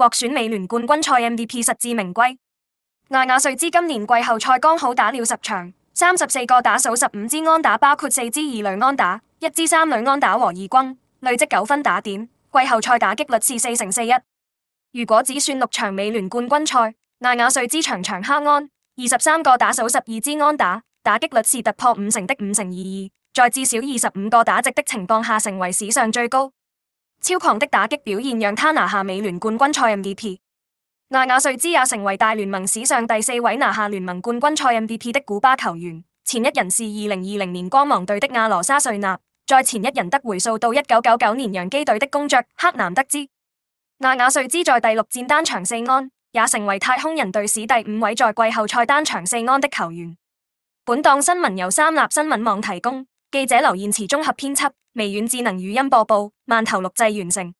獲選美聯冠軍賽 MVP 實至名歸。艾瓦，瓦瑞茲今年季後賽剛好打了十場，三十四個打數十五支安打，包括四支二壘安打、一支三壘安打和二軍，累積九分打點。季後賽打擊率是四成四一。如果只算六場美聯冠軍賽，艾瓦，瓦瑞茲場場敲安，二十三個打數十二支安打，打擊率是突破五成的五成二二，在至少二十五個打席的情況下，成為史上最高。超狂的打擊表現讓他拿下美聯冠軍賽 MVP，艾瓦瑞茲也成為大聯盟史上第四位拿下聯盟冠軍賽 MVP 的古巴球員。前一人是二零二零年光芒隊的阿羅沙瑞納，在前一人得回數到一九九九年洋基隊的公爵克南德茲。艾瓦瑞茲在第六戰單場四安，也成為太空人隊史第五位在季後賽單場四安的球員。本檔新聞由三立新聞網提供。記者劉燕慈綜合編輯，微軟智能語音播報，饅頭錄製完成。